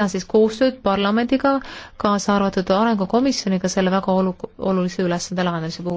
teha siis koostööd parlamendiga, kaasa arvatud Arengukomisjoniga selle väga olu-, olulise ülesande lahendamise puhul.